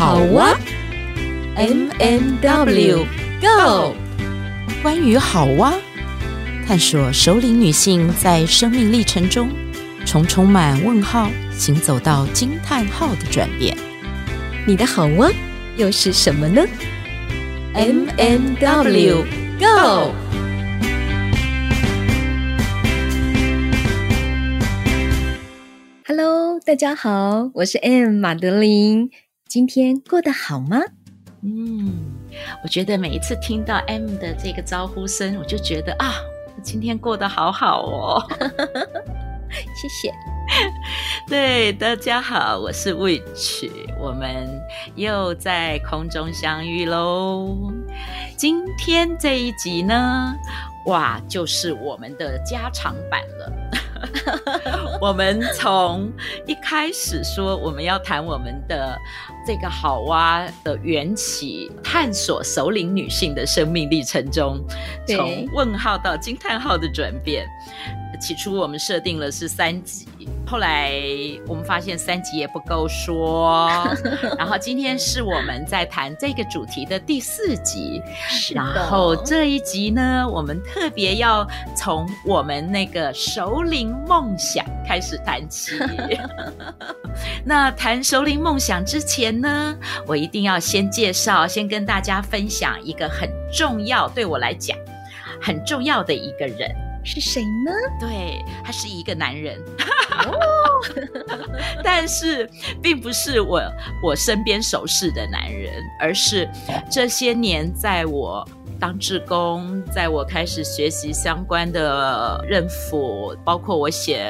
好哇、啊，M&W Go。關於好哇、啊，探索熟齡女性在生命歷程中從充滿問號行走到驚嘆號的轉變。你的好哇、啊、又是什麼呢？M&W Go。Hello，大家好，我是 M 瑪德琳。今天過得好嗎？嗯，我覺得每一次聽到 M 的這個招呼聲，我就覺得啊，今天過得好好哦。 謝謝。 對，大家好，我是 Witch，我們又在空中相遇嘍。今天這一集呢，哇，就是我們的加長版了。 我們從一開始說，我們要談我們的這個“好哇”的緣起，探索首領女性的生命歷程中，從問號到驚嘆號的轉變。起初，我們設定了是三集。後來我們發現三集也不夠說， 然後今天是我們在談這個主題的第四集，然後這一集呢，我們特別要從我們那個熟齡夢想開始談起。 那談熟齡夢想之前呢，我一定要先介紹，先跟大家分享一個很重要，對我來講很重要的一個人。是誰呢？對，他是一個男人，哦、 但是並不是我我身邊熟識的男人，而是這些年在我當志工，在我開始學習相關的認輔，包括我寫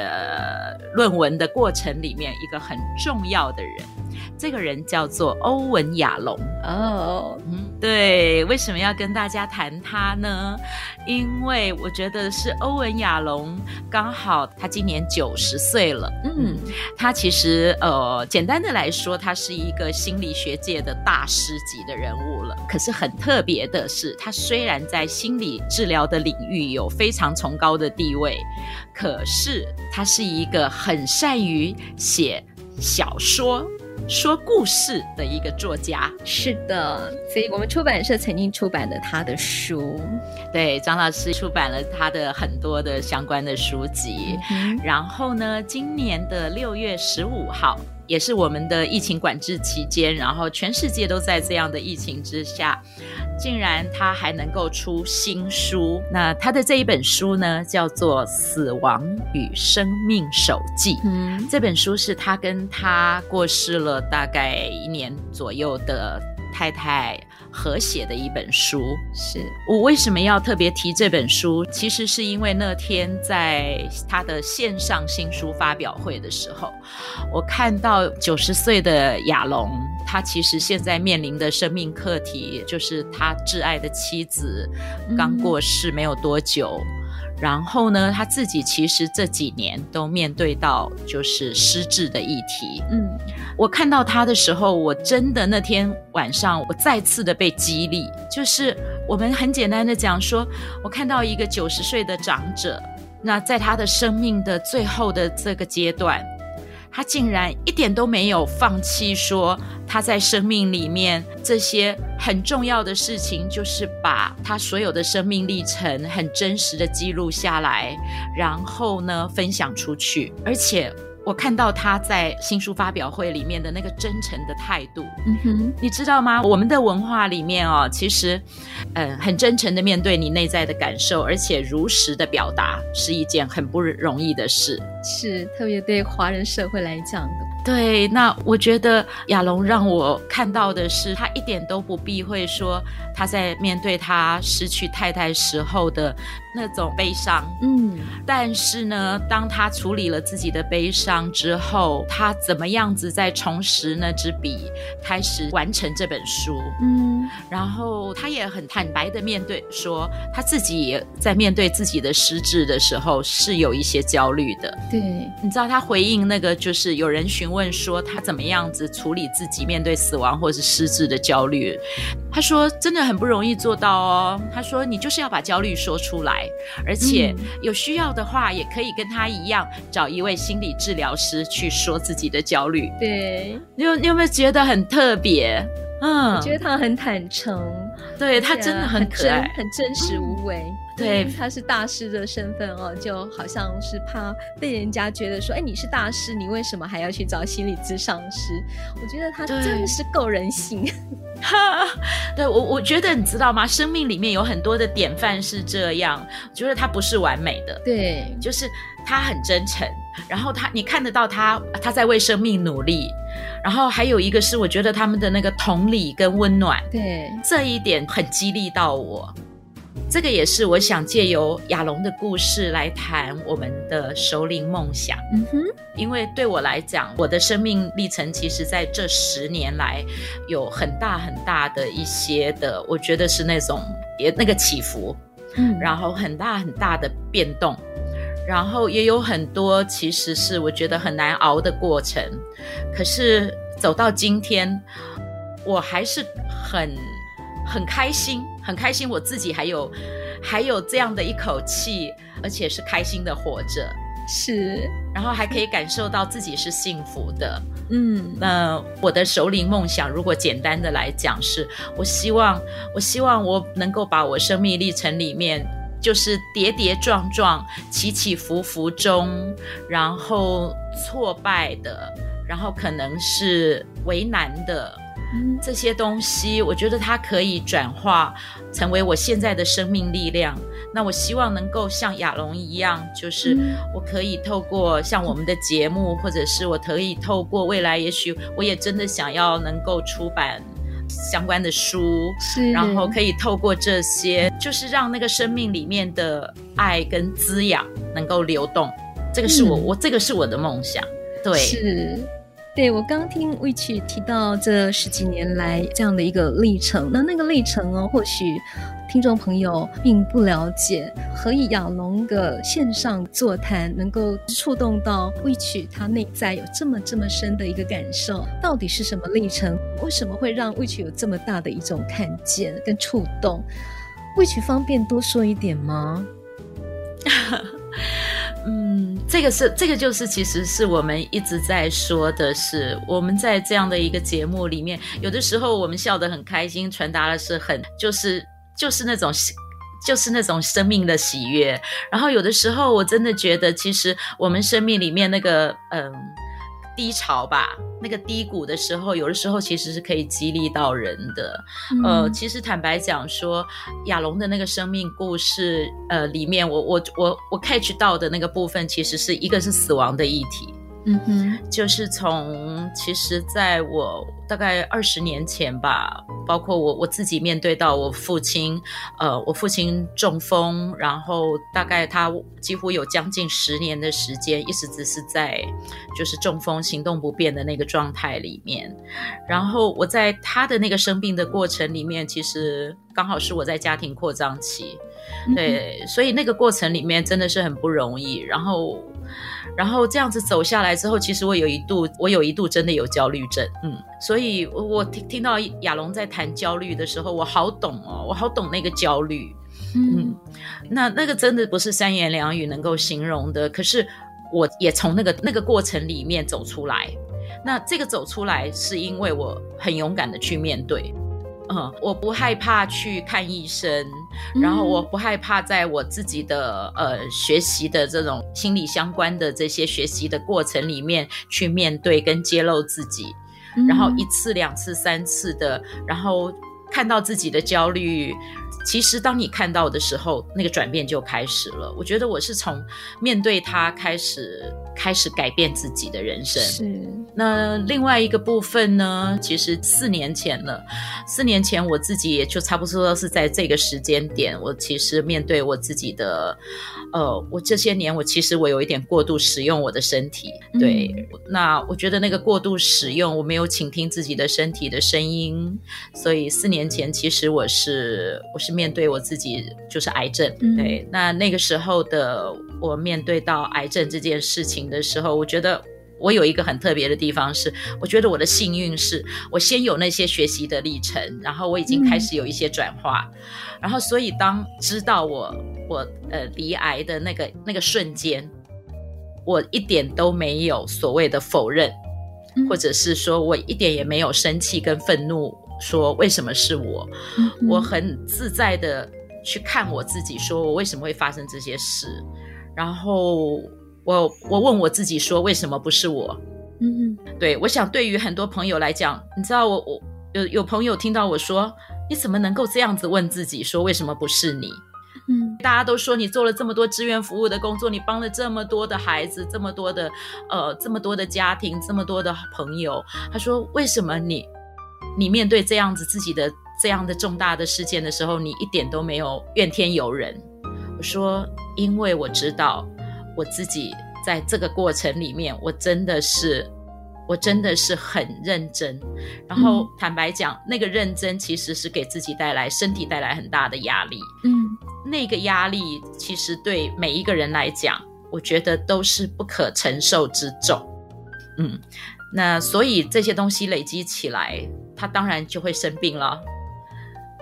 論文的過程裡面，一個很重要的人。這個人叫做歐文·亞隆。哦、oh. 嗯，對，為什麼要跟大家談他呢？因為我覺得是歐文·亞隆，剛好他今年九十歲了。嗯，他其實呃，簡單的來說，他是一個心理學界的大師級的人物了。可是很特別的是，他雖然在心理治療的領域有非常崇高的地位，可是他是一個很善於寫小說。說故事的一個作家，是的，所以我們出版社曾經出版了他的書，對張老師出版了他的很多的相關的書籍，嗯、然後呢，今年的六月十五號。也是我們的疫情管制期間，然後全世界都在這樣的疫情之下，竟然他還能夠出新書。那他的這一本書呢，叫做《死亡與生命手記》。嗯，這本書是他跟他過世了大概一年左右的太太。合寫的一本書。是我為什麼要特別提這本書？其實是因為那天在他的線上新書發表會的時候，我看到九十歲的亞隆，他其實現在面臨的生命課題，就是他摯愛的妻子剛過世沒有多久。嗯嗯然後呢，他自己其實這幾年都面對到就是失智的議題。嗯，我看到他的時候，我真的那天晚上我再次的被激勵，就是我們很簡單的講說，我看到一個九十歲的長者，那在他的生命的最後的這個階段。他竟然一點都沒有放棄，說他在生命裡面這些很重要的事情，就是把他所有的生命歷程很真實的記錄下來，然後呢，分享出去，而且。我看到他在新書發表會裡面的那個真誠的態度，嗯哼，你知道嗎？我們的文化裡面哦，其實，嗯、呃，很真誠的面對你內在的感受，而且如實的表達，是一件很不容易的事，是特別對華人社會來講的。對，那我覺得亞隆讓我看到的是，他一點都不避諱說他在面對他失去太太時候的那種悲傷，嗯。但是呢，當他處理了自己的悲傷之後，他怎麼樣子再重拾那支筆，開始完成這本書，嗯。然後他也很坦白的面對說，他自己在面對自己的失智的時候是有一些焦慮的。對，你知道他回應那個就是有人詢問說他怎麼樣子處理自己面對死亡或是失智的焦慮，他說真的很不容易做到哦。他說你就是要把焦慮說出來，而且有需要的話、嗯、也可以跟他一樣找一位心理治療師去說自己的焦慮。對，你有你有沒有覺得很特別？嗯，我覺得他很坦誠，對、啊、他真的很可愛，很真，很真實、嗯、無偽。對，他是大師的身份哦，就好像是怕被人家覺得說，哎，你是大師，你為什麼還要去找心理諮商師？我覺得他真的是夠人性。對，對我我覺得你知道嗎？生命裡面有很多的典範是這樣，我覺得他不是完美的，對，就是他很真誠，然後他你看得到他他在為生命努力，然後還有一個是我覺得他們的那個同理跟溫暖，對，這一點很激勵到我。這個也是我想借由亞隆的故事來談我們的首領夢想。嗯哼，因為對我來講，我的生命歷程其實在這十年來有很大很大的一些的，我覺得是那種也那個起伏，嗯，然後很大很大的變動，然後也有很多其實是我覺得很難熬的過程。可是走到今天，我還是很。很開心，很開心，我自己還有，還有這樣的一口氣，而且是開心的活着，是，然後還可以感受到自己是幸福的，嗯，那我的首領夢想，如果簡單的來講是，是我希望，我希望我能夠把我生命歷程裡面，就是跌跌撞撞、起起伏伏中，然後挫敗的，然後可能是為難的。嗯、這些東西，我覺得它可以轉化成為我現在的生命力量。那我希望能夠像亞隆一樣，就是我可以透過像我們的節目，或者是我可以透過未來，也許我也真的想要能夠出版相關的書，是的，然後可以透過這些，就是讓那個生命裡面的愛跟滋養能夠流動。這個是我，嗯、我這個是我的夢想，對。是。對，我剛聽魏曲提到這十幾年來這樣的一個歷程，那那個歷程哦，或許聽眾朋友並不了解，歐文亞隆的線上座談能夠觸動到魏曲他內在有這麼這麼深的一個感受。到底是什麼歷程？為什麼會讓魏曲有這麼大的一種看見跟觸動？魏曲方便多說一點嗎？ 嗯，這個是這個就是，其實是我們一直在說的是，是我們在這樣的一個節目裡面，有的時候我們笑得很開心，傳達的是很就是就是那種，就是那種生命的喜悅。然後有的時候我真的覺得，其實我們生命裡面那個嗯。呃低潮吧，那個低谷的時候，有的時候其實是可以激勵到人的。嗯、呃，其實坦白講說，亞隆的那個生命故事，呃，裡面我我我我 catch 到的那個部分，其實是一個是死亡的議題。嗯哼，就是從其實，在我大概二十年前吧，包括我我自己面對到我父親，呃，我父親中風，然後大概他幾乎有將近十年的時間，一直只是在就是中風行動不便的那個狀態裡面，然後我在他的那個生病的過程裡面，其實剛好是我在家庭擴張期，對，嗯，所以那個過程裡面真的是很不容易，然後。然後這樣子走下來之後，其實我有一度，我有一度真的有焦慮症，嗯，所以我我聽聽到亞隆在談焦慮的時候，我好懂哦，我好懂那個焦慮，嗯，嗯，那那個真的不是三言兩語能夠形容的。可是我也從那個那個過程裡面走出來，那這個走出來是因為我很勇敢的去面對，嗯，我不害怕去看醫生。然後我不害怕，在我自己的呃學習的這種心理相關的這些學習的過程裡面，去面對跟揭露自己。嗯，然後一次兩次三次的，然後看到自己的焦慮，其實當你看到的時候，那個轉變就開始了。我覺得我是從面對他開始，開始改變自己的人生。是。那另外一個部分呢，其實四年前了，四年前我自己也就差不多是在這個時間點，我其實面對我自己的，呃，我這些年我其實我有一點過度使用我的身體，對。嗯。那我覺得那個過度使用，我沒有傾聽自己的身體的聲音，所以四年前其實我是我是面對我自己就是癌症，對。嗯。那那個時候的我面對到癌症這件事情的時候，我覺得。我有一個很特別的地方是，我覺得我的幸運是我先有那些學習的歷程，然後我已經開始有一些轉化，嗯、然後所以當知道我我呃罹癌的那個那個瞬間，我一點都沒有所謂的否認，嗯、或者是說我一點也沒有生氣跟憤怒，說為什麼是我，嗯、我很自在的去看我自己，說我為什麼會發生這些事，然後。我我問我自己說，為什麼不是我？嗯，對，我想對於很多朋友來講，你知道我，我我有有朋友聽到我說，你怎麼能夠這樣子問自己說為什麼不是你？嗯，大家都說你做了這麼多志願服務的工作，你幫了這麼多的孩子，這麼多的呃，這麼多的家庭，這麼多的朋友。他說為什麼你你面對這樣子自己的這樣的重大的事件的時候，你一點都沒有怨天尤人？我說因為我知道。我自己在這個過程裡面，我真的是，我真的是很認真。然後坦白講，嗯、那個認真其實是給自己帶來身體帶來很大的壓力。嗯，那個壓力其實對每一個人來講，我覺得都是不可承受之重。嗯，那所以這些東西累積起來，他當然就會生病了。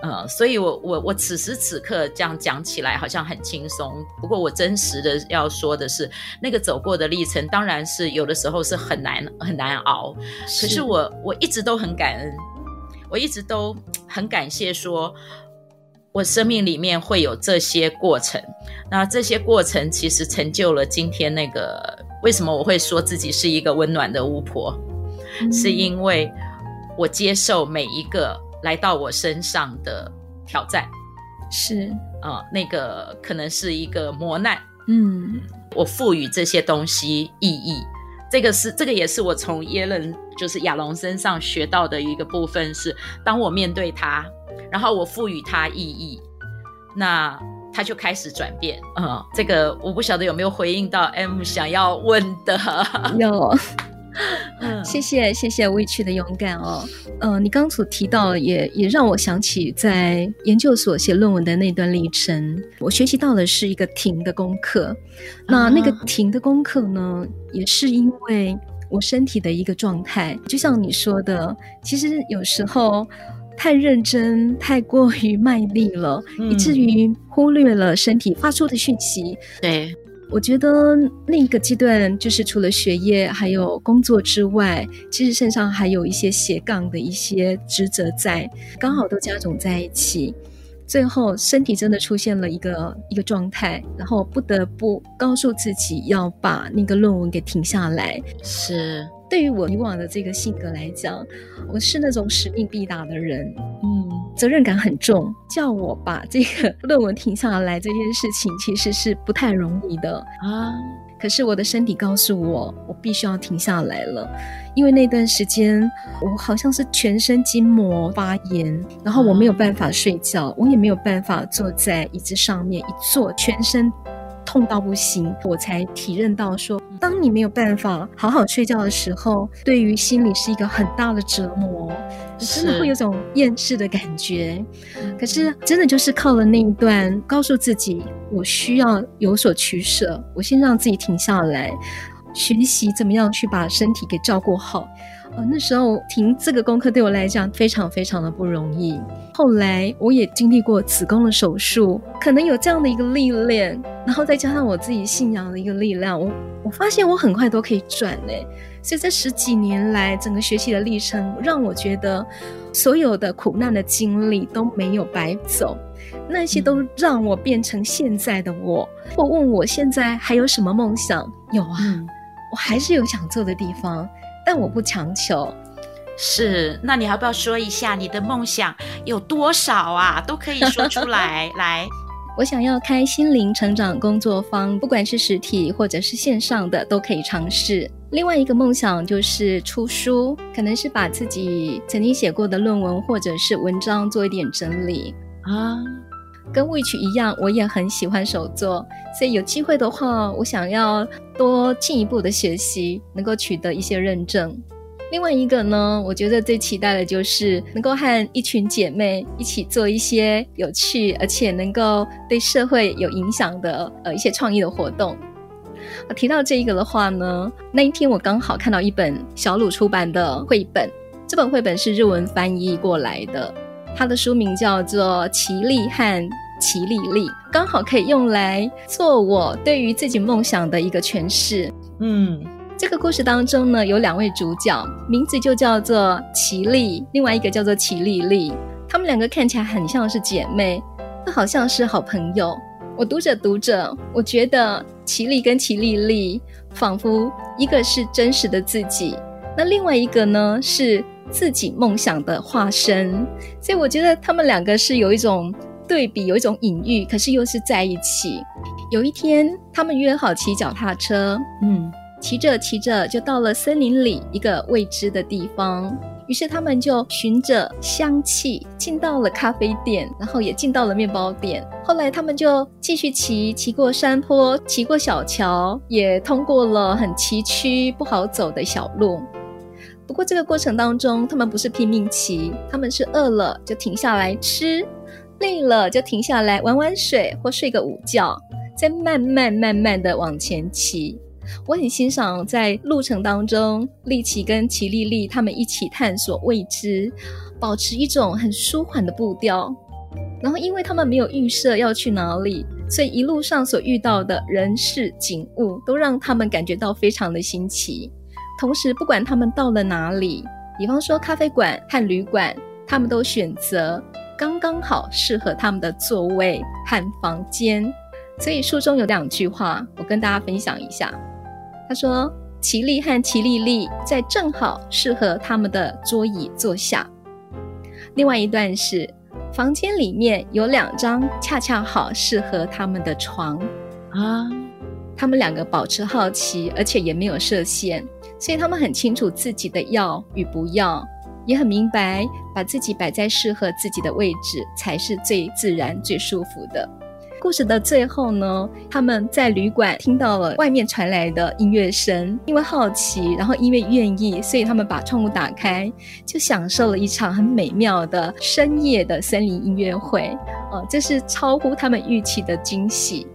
嗯，所以我，我我我此時此刻這樣講起來好像很輕鬆，不過我真實的要說的是，那個走過的歷程，當然是有的時候是很難很難熬，是可是我我一直都很感恩，我一直都很感謝，說我生命裡面會有這些過程，那這些過程其實成就了今天那個為什麼我會說自己是一個溫暖的巫婆，嗯、是因為我接受每一個。來到我身上的挑戰，是啊、呃，那個可能是一個磨難，嗯，我賦予這些東西意義，這個是這個也是我從耶倫就是亞隆身上學到的一個部分，是當我面對它，然後我賦予它意義，那它就開始轉變啊、呃。這個我不曉得有沒有回應到 M 想要問的，有。 uh, 謝謝謝謝委屈的勇敢哦。嗯、呃，你剛所提到也，也也讓我想起在研究所寫論文的那段歷程。我學習到的是一個停的功課。那那個停的功課呢，uh-huh. 也是因為我身體的一個狀態，就像你說的，其實有時候太認真、太過於賣力了，嗯，以至於忽略了身體發出的訊息。對。我覺得那個階段就是，除了學業還有工作之外，其實身上還有一些斜槓的一些職責在，剛好都加總在一起，最後身體真的出現了一個一個狀態，然後不得不告訴自己要把那個論文給停下來。是，對於我以往的這個性格來講，我是那種使命必達的人。嗯。責任感很重，叫我把這個論文停下來這件事情其實是不太容易的啊。可是我的身體告訴我，我必須要停下來了，因為那段時間我好像是全身筋膜發炎，然後我沒有辦法睡覺，我也沒有辦法坐在椅子上面，一坐全身。痛到不行，我才體認到說，當你沒有辦法好好睡覺的時候，對於心理是一個很大的折磨，真的會有種厭世的感覺。是可是真的就是靠了那一段，告訴自己我需要有所取捨，我先讓自己停下來，學習怎麼樣去把身體給照顧好。那時候停這個功課對我來講非常非常的不容易。後來我也經歷過子宮的手術，可能有這樣的一個歷練，然後再加上我自己信仰的一個力量，我我發現我很快都可以轉呢、欸。所以這十幾年來整個學習的歷程，讓我覺得所有的苦難的經歷都沒有白走，那些都讓我變成現在的我。嗯、我問我現在還有什麼夢想？有啊，嗯、我還是有想做的地方。但我不強求，是，那你要不要說一下你的夢想有多少啊？都可以說出來。 來，我想要開心靈成長工作坊，不管是實體或者是線上的都可以嘗試。另外一個夢想就是出書，可能是把自己曾經寫過的論文或者是文章做一點整理啊。跟 Witch 一樣，我也很喜歡手作，所以有機會的話，我想要多進一步的學習，能夠取得一些認證。另外一個呢，我覺得最期待的就是能夠和一群姐妹一起做一些有趣而且能夠對社會有影響的呃一些創意的活動。啊，提到這一個的話呢，那一天我剛好看到一本小魯出版的繪本，這本繪本是日文翻譯過來的。他的書名叫做《琪莉》和《琪莉莉》，剛好可以用來做我對於自己夢想的一個詮釋。嗯，這個故事當中呢，有兩位主角，名字就叫做琪莉，另外一個叫做琪莉莉。他們兩個看起來很像是姐妹，又好像是好朋友。我讀着讀着，我覺得琪莉跟琪莉莉仿佛一個是真實的自己，那另外一個呢是。自己夢想的化身，所以我覺得他們兩個是有一種對比，有一種隱喻，可是又是在一起。有一天，他們約好騎腳踏車，嗯，騎着騎着就到了森林裡一個未知的地方。於是他們就尋着香氣進到了咖啡店，然後也進到了麵包店。後來他們就繼續騎，騎過山坡，騎過小橋，也通過了很崎嶇不好走的小路。不過這個過程當中，他們不是拼命騎，他們是餓了就停下來吃，累了就停下來玩玩水或睡個午覺，再慢慢慢慢地往前騎。我很欣賞在路程當中，琪莉跟琪莉莉他們一起探索未知，保持一種很舒緩的步調。然後，因為他們沒有預設要去哪裡，所以一路上所遇到的人事景物都讓他們感覺到非常的新奇。同時，不管他們到了哪裡，比方說咖啡館和旅館，他們都選擇剛剛好適合他們的座位和房間。所以書中有兩句話，我跟大家分享一下。他說：“琪莉和琪莉莉在正好適合他們的桌椅坐下。”另外一段是：“房間裡面有兩張恰恰好適合他們的床。”啊，他們兩個保持好奇，而且也沒有設限。所以他們很清楚自己的要與不要，也很明白把自己擺在適合自己的位置才是最自然、最舒服的。故事的最後呢，他們在旅館聽到了外面傳來的音樂聲，因為好奇，然後因為願意，所以他們把窗戶打開，就享受了一場很美妙的深夜的森林音樂會。哦、呃，這是超乎他們預期的驚喜。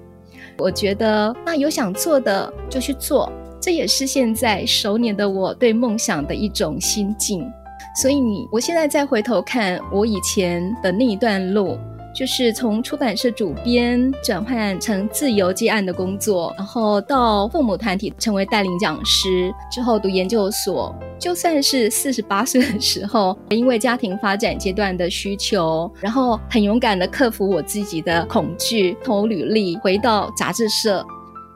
我覺得，那有想做的就去做。這也是現在熟年的我對夢想的一種心境。所以，你我現在再回頭看我以前的那一段路，就是從出版社主編轉換成自由接案的工作，然後到父母團體成為帶領講師，之後讀研究所。就算是四十八歲的時候，因為家庭發展階段的需求，然後很勇敢的克服我自己的恐懼，投履歷回到雜誌社。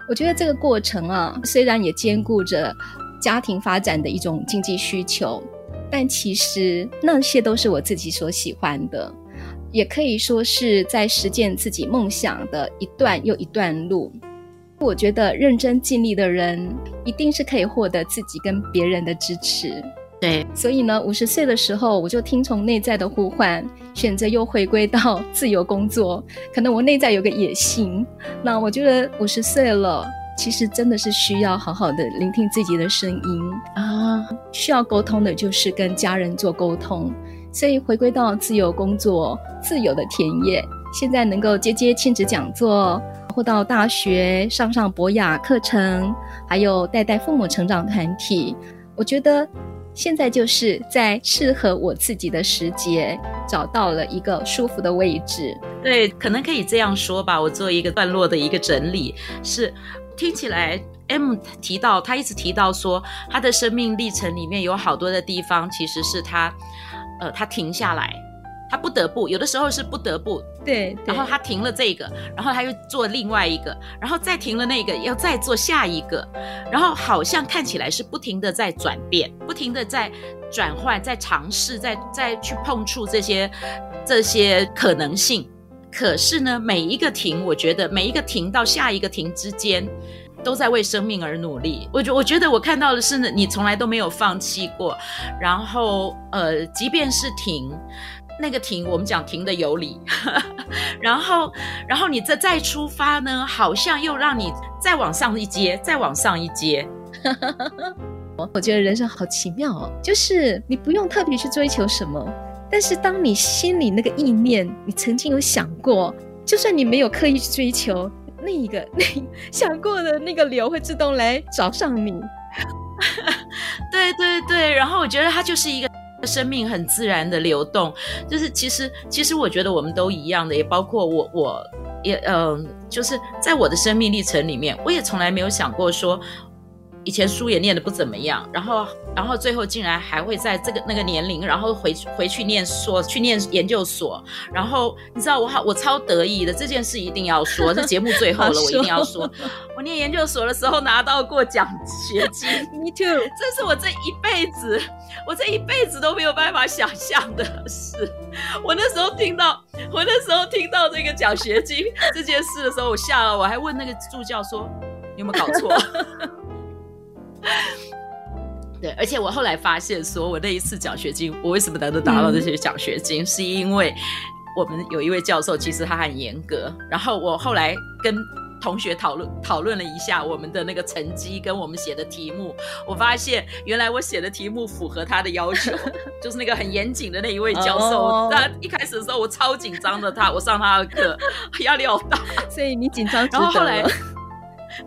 我覺得這個過程啊，雖然也兼顧着家庭發展的一種經濟需求，但其實那些都是我自己所喜歡的，也可以說是在實踐自己夢想的一段又一段路。我覺得認真盡力的人，一定是可以獲得自己跟別人的支持。對，所以呢，五十歲的時候，我就聽從內在的呼喚。選擇又回歸到自由工作，可能我內在有個野心。那我覺得五十歲了，其實真的是需要好好的聆聽自己的聲音啊。需要溝通的就是跟家人做溝通，所以回歸到自由工作，自由的田野，現在能夠接接親子講座，或到大學上上博雅課程，還有帶帶父母成長團體，我覺得。現在就是在適合我自己的時節，找到了一個舒服的位置。對，可能可以這樣說吧。我做一個段落的一個整理，是聽起來 M 提到，他一直提到說，他的生命歷程裡面有好多的地方，其實是他，呃，他停下來。他不得不，有的時候是不得不，對，對，然後他停了這個，然後他又做另外一個，然後再停了那個，要再做下一個，然後好像看起來是不停的在轉變，不停的在轉換，在嘗試，在再去碰觸這些這些可能性。可是呢，每一個停，我覺得每一個停到下一個停之間，都在為生命而努力。我覺我覺得我看到的是，你從來都沒有放棄過，然後呃，即便是停。那個停，我們講停的有理，呵呵，然後，然後你這再出發呢，好像又讓你再往上一階，再往上一階。哈。我覺得人生好奇妙哦，就是你不用特別去追求什麼，但是當你心裡那個意念，你曾經有想過，就算你沒有刻意去追求，那一個那一個想過的那個流會自動來找上你。 對對對，然後我覺得它就是一個。生命很自然的流動，就是其實其實我覺得我們都一樣的，也包括我，我也嗯、呃，就是在我的生命歷程裡面，我也從來沒有想過說。以前書也念的不怎麼樣，然後，然後最後竟然還會在這個那個年齡，然後回回去念說，去念研究所，然後你知道我好，我超得意的這件事一定要說，這節目最後了， 我一定要說，我念研究所的時候拿到過獎學金，Me too，這是我這一輩子，我這一輩子都沒有辦法想象的事，我那時候聽到，我那時候聽到這個獎學金 這件事的時候，我嚇了，我還問那個助教說，你有沒有搞錯？ 對，而且我後來發現，說我那一次獎學金，我為什麼能夠拿到這些獎學金，嗯，是因為我們有一位教授，其實他很嚴格。然後我後來跟同學討論討論了一下我們的那個成績跟我們寫的題目，我發現原來我寫的題目符合他的要求， 就是那個很嚴謹的那一位教授。 他一開始的時候我超緊張的他，他 我上他的課壓力好大，所以你緊張。然後後來。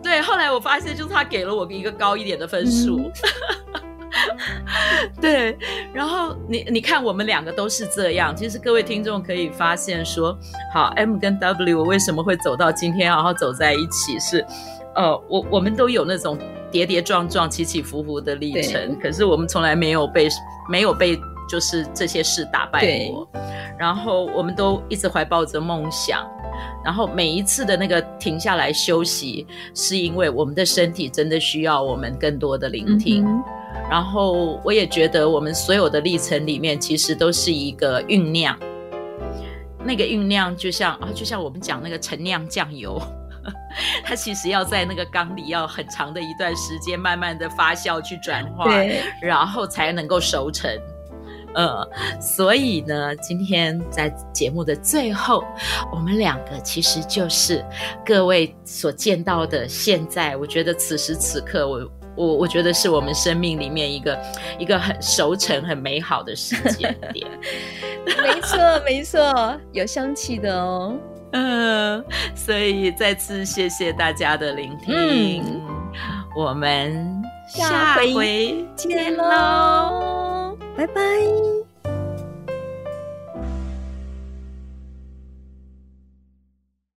對，後來我發現，就是他給了我一個高一點的分數。嗯、 對，然後你你看，我們兩個都是這樣。其實各位聽眾可以發現說，說好 M 跟 W 我為什麼會走到今天，然後走在一起是，是呃，我我們都有那種跌跌撞撞、起起伏伏的歷程，可是我們從來沒有被沒有被。就是這些事打敗我，然後我們都一直懷抱着夢想，然後每一次的那個停下來休息，是因為我們的身體真的需要我們更多的聆聽。嗯、然後我也覺得，我們所有的歷程裡面，其實都是一個醞釀。那個醞釀就像啊，就像我們講那個陳釀醬油呵呵，它其實要在那個缸裡要很長的一段時間，慢慢的發酵去轉化，然後才能夠熟成。呃、嗯，所以呢，今天在節目的最後，我們兩個其實就是各位所見到的。現在，我覺得此時此刻，我我我覺得是我們生命裡面一個一個很熟成、很美好的時間點。 沒錯，沒錯，有香氣的哦。嗯，所以再次謝謝大家的聆聽，嗯、我們下回見嘍。拜拜。